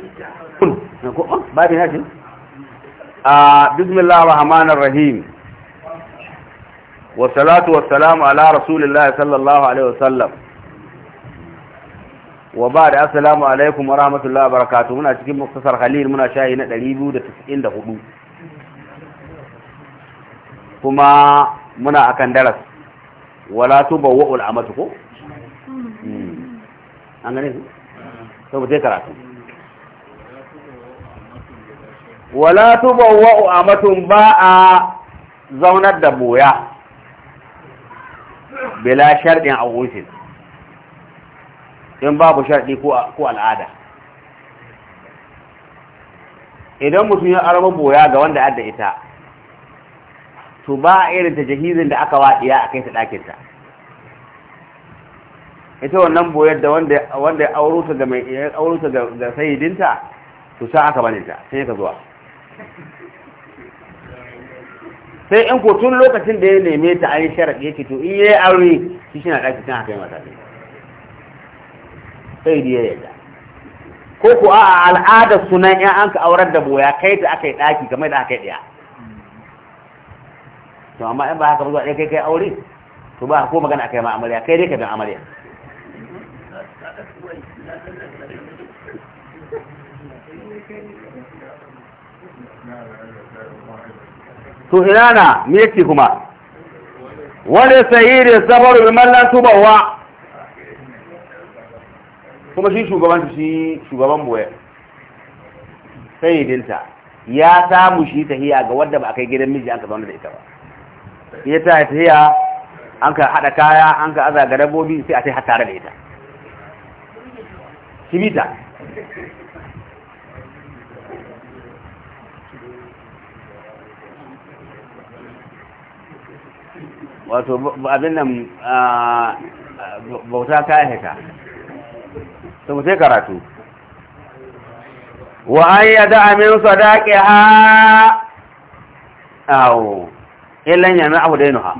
Oh, babi na shi a ah, bismillah rahman rahim wasalatu wasalamu ala rasulillahi sallallahu alaihi wasallam wa ba da assalamu alaikum wa rahmatullahi wa barakatuh muna cikin muktasar halil muna shayi na 294 kuma muna akan daras wala tubawwa al'amatu ko hmm. an gane su sai mu je karatu wala tubawwa'u amatun ba a zaunar da boya bila shardin a wucin in babu shardi ko al'ada idan mutum ya arama boya ga wanda adda ita to ba a irin ta jahizin da aka waɗiya a kai ta ɗakinta ita wannan boyar da wanda ya auro ta ga sayidinta to sa aka ta sai ka zuwa sai in ko tun lokacin da ya neme ta ayi yi sharaɗi ya ce to in yayi aure shi shi na ɗaki tana kai mata ne sai da ya yarda ko ko a al'ada sunan yan an ka aurar da boya kai ta aka yi ɗaki game da aka yi ɗaya to amma in ba haka ba zuwa ɗaya kai kai aure to ba ko magana aka yi ma amarya kai dai ka bin amarya su ina mi yake kuma wani sayiri safaru bi mallan tubawa kuma shi shugaban shi shugaban boye dinta ya samu shi tahiya ga wanda ba a kai gidan miji an ka zaune da ita ba ya ta tahiya an ka hada kaya an ka aza ga dabbobi sai a sai har tare da ita wato abin nan bauta kayan hita sun sai karatu wa an da amin sadaqi ha awo ilan yana abu dainu ha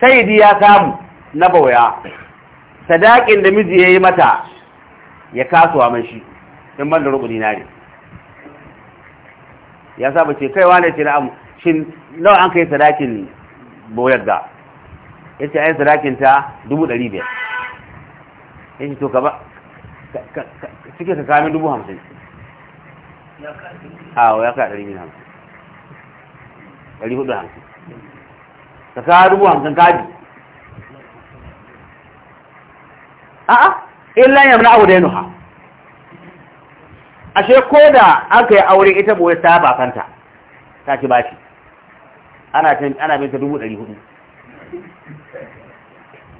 sai ya samu na bauya sadaqin da miji yayi mata ya kasuwa mai shi in ban da rubuni na ne ya sabu ce kaiwa ne ce na amu shin nawa an kai sadakin boyar da? ya ce ayin sadakin ta dubu ɗari biyar ya ce to ka ba cike ka kamin dubu hamsin awo ah, ya ka ɗari min hamsin ɗari hudu hamsin ka kawo dubu hamsin kaji a'a illa yamna abu da yanuha ashe ko da aka yi aure ita boye ta bakanta ta ci ba shi. ana ana bin ta dubu ɗari hudu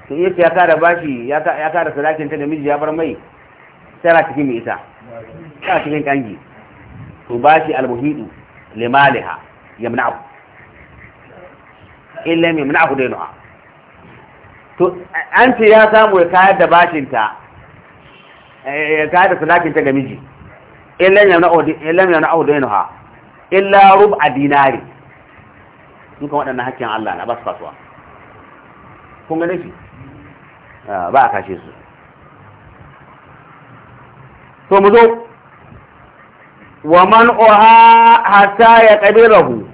to yake ya kada bashi ya kada sadakin ta da miji ya bar mai tara cikin mai ita tara cikin kangi to bashi almuhidu limaliha yamna'u illa yamna'u dainuha to an ce ya samu ya kayar da bashin ta eh, ya kayar da sadakin ta ga miji illa yamna'u dainuha illa rub'a dinari sun kan waɗannan hakkin Allah na ba su kasuwa kun gane shi ah, ba a kashe su to mu zo wa man oha hata ya rahu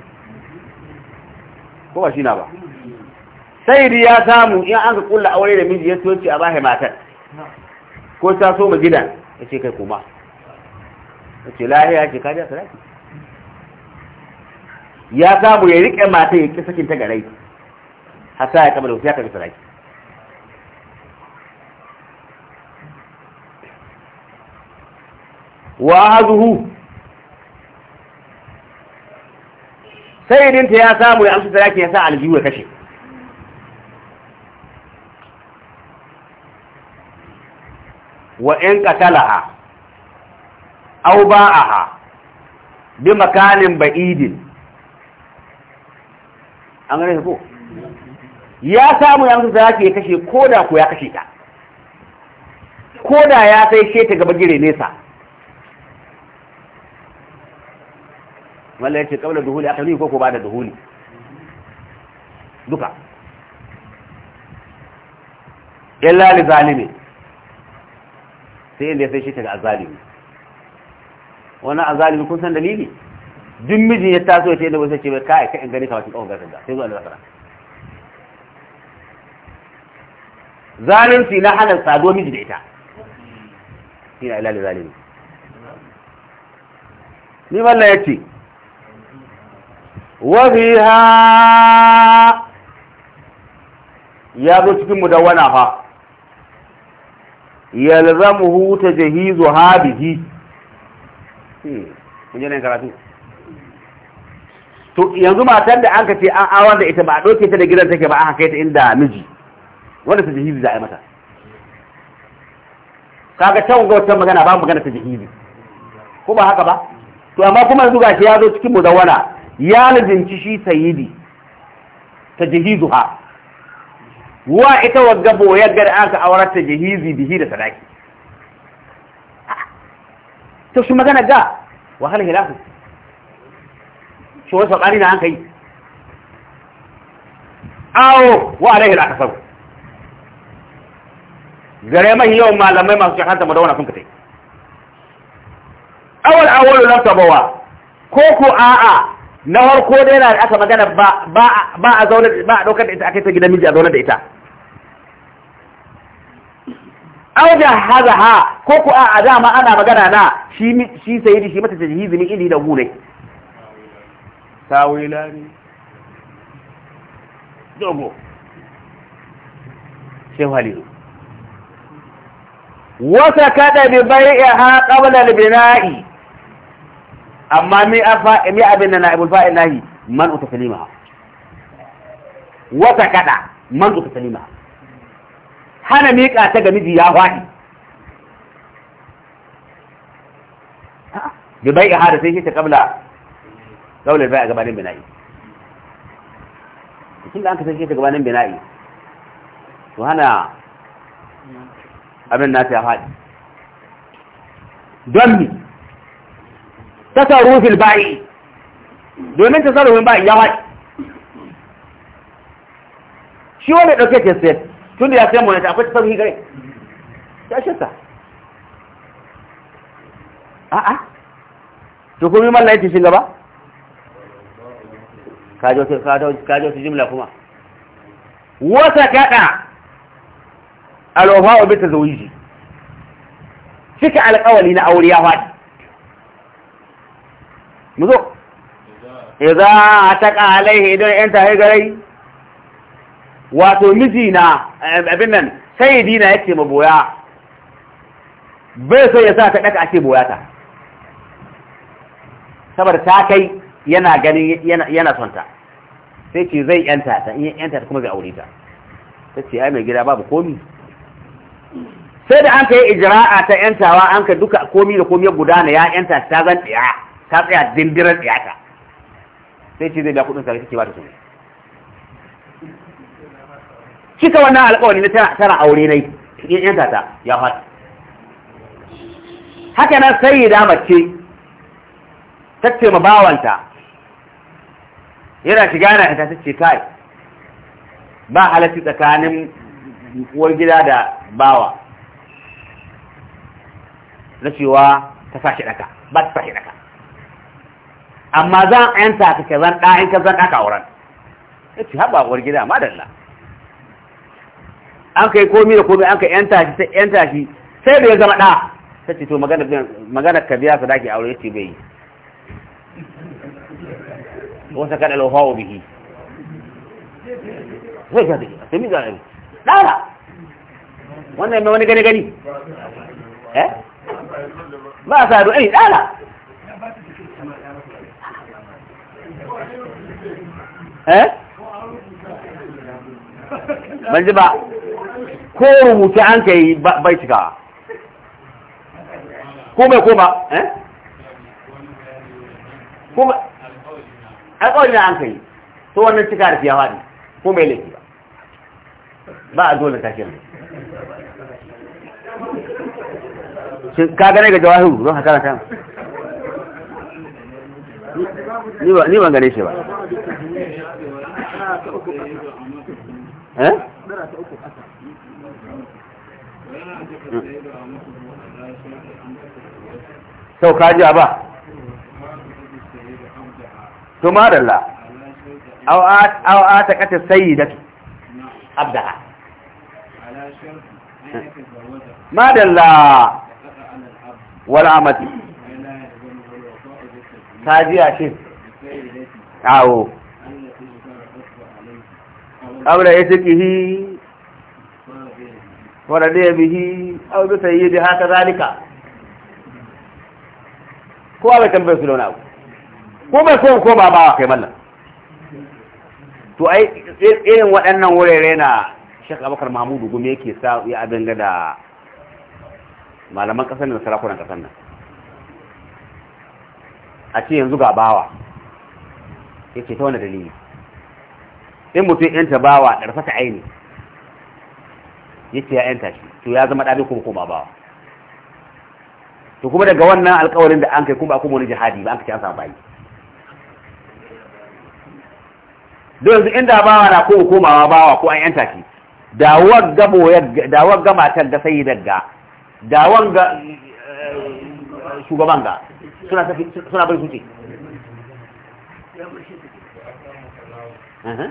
ko ba shi na ba sai ya samu in an ka kulla aure da miji ya soci a bahe matar ko ta so mu gidan ya ce kai kuma ya ce lahiya ce kaji a sarki ya samu ya riƙe mata ya ƙi sakin ta garai hasa ya kama da wasu ya karbi saraki wa azuhu ta ya samu ya amsa saraki ya sa aljihu ya kashe wa in qatalaha aw ba'aha bi makanin ba'idin an gane ko ya samu ya mutu zaki ya kashe ko da ko ya kashe ta ko da ya sai she ta gaba gire nesa wallahi ce da duhuli aka ni ko ko ba da duhuli duka illa li zalimi sai inda sai shi ta ga azalimi wannan azalimi kun san dalili duk mijin ya taso ya ce da wasu ce mai kai ka in gani kawai kawai gasar da sai zuwa da nasara zalunci na hana tsado miji da ita ina ilali zalimi ni malla ya ce ha ya zo cikin mudawwana fa yalzamuhu tajhizu habihi hmm kun yi nan karatu to yanzu matan da an ka ce an awar da ita ba a ɗauke ta da gidan take ba an haka ta inda miji wanda ta jihibi za a yi mata kaga can ga wata magana ba magana ta jihibi ko ba haka ba to amma kuma yanzu shi ya zo cikin mudawana ya lajinci shi sayidi ta jihizu ha wa ita wagga boyar gari an ka aurar ta jihizi bihi da sadaki to shi magana ga wahala hilafu shi wasu tsakani na an kai awo wa alaihi da aka sabu gare mai yawan malamai masu shahanta madawana sun katai awal awal lam bawa ko ko a'a na harko da yana da aka magana ba a zaune daukar da ita aka yi ta gidan miji a zaunar da ita aw da hazaha ko ku a dama ana magana na shi shi sayyidi shi mata tajhizi min ili da hu ne tawila ne dogo shehu halilu wata kada bi ha qabla al-bina'i amma mi afa mi abin na ibul fa'il nahi man utasalima wata kada man utasalima hana ka ta ga miji ya faɗi bi ha da sai shi ta qabla kawai bai a gabanin bina'i cikin da an kasance ta gabanin bina'i su hana abin nasu ya haɗi don mi rufin ba'i domin rufin ba'i ya haɗi shi wani ɗauke ta sayar tun da ya sayar monata akwai tasarrufi gare ta shirka a'a to kuma yi mallaye ta shi gaba kajo wasu jimla kuma wata kada alwafa obi ta zauji cika alkawali na aure ya faɗi mu zo iza a taƙa alaihe idan yan tahe garai wato miji na abin nan dina ya yake maboya bai sai ya sa ta ɗaka ake boyata saboda ta kai yana ganin yana son ta sai ce zai yanta ta in yanta ta kuma zai aure ta ta ce ai mai gida babu komi sai da an ka yi a ta yantawa an ka duka komi da komi guda gudana ya yanta ta zan tsaya ta tsaya dindiran tsaya ta sai ce zai biya kudin sarki ba ta so cika wannan alƙawari na tana aure na yi yanta ta ya fata haka nan sai da mace ta ce ma bawanta yana shiga yana ita ta ce kai ba halatti tsakanin uwar gida da bawa na cewa ta sashi daka ba ta sashi daka amma zan yanta ka ke zan ɗa in ka zan ɗaka wuran ya ce haɓa uwar gida da an kai komi da komi an ka yanta shi sai da ya zama ɗa ta ce to magana ka biya su dake aure ya ce bai yi وسكن الوفاء به zai ga dai sai min zalimi dara wannan mai wani gani gani eh ba sa do ai dara eh ban ji ba ko rubuta an kai bai cika ko mai ko ba eh ko ba alƙawari na an kai to wannan cika da fiya faɗi ko mai laifi ba ba a dole ta kenan ka gane ga jawahiru don haka kan ni ban gane shi ba eh? sau sau a ba ثم الله أو آت أو آتك أنت السيدة أبدها ما الله ولا مد تاجي أشين أو أو رئيسه ورديه به أو هي كذلك كوالا كم بسلون أو ko bai so ko ba ba kai mallan to ai irin waɗannan wurare na Sheikh Abubakar Mahmudu gume yake sa ya abin ga da malaman kasar da sarakunan kasar nan a ce yanzu ga bawa yake ta wani dalili in mutum yanta bawa ɗarfata aini yake ya yanta shi to ya zama ɗabi kuma kuma bawa to kuma daga wannan alkawarin da an kai kuma kuma wani jihadi ba an kace an samu bayi don yanzu inda bawa na ko komawa bawa ko an yanta ki da wagga boyar da da sai daga da eh, ga shugaban ga suna tafi suna bari suce uh-huh.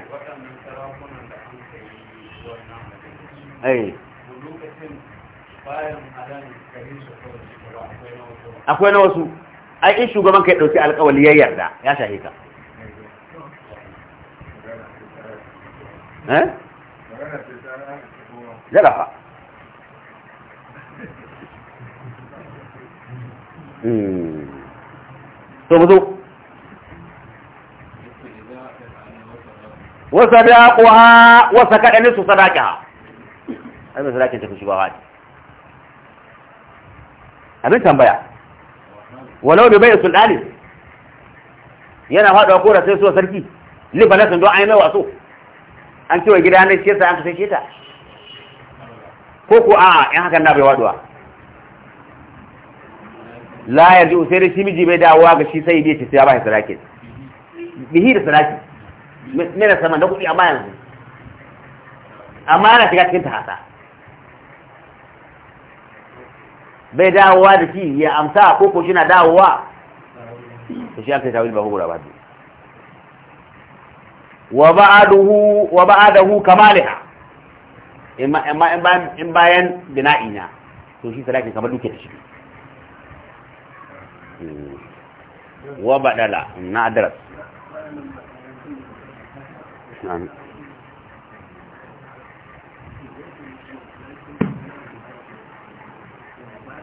eh akwai na wasu ai in shugaban ka ya dauki alƙawali ya yarda ya ka. eh jarafa to hmm. mu zo wasa da kuwa wasa kaɗa su sadaka ai mai sadakin tafi shugaba waɗi. abin tambaya walau bai bai sultani yana ko da sai suwa sarki liba don an yi mai wasu. an ce wa gida ne shi yasa an kasance ta ko ko a'a in hakan na bai waduwa la ji sai da shi miji bai dawowa ga shi sai ya ce sai ya ba shi bihi da sadaki ne na sama da kuɗi amma yanzu amma yana shiga cikin tahasa bai dawowa da shi ya amsa ko ko shi na dawowa to shi aka yi tawil ba hukura ba wa ba wa ba'adahu kamaliha in bayan in bayan to shi sadakin kamar duke da shi hmm. wa dala na adras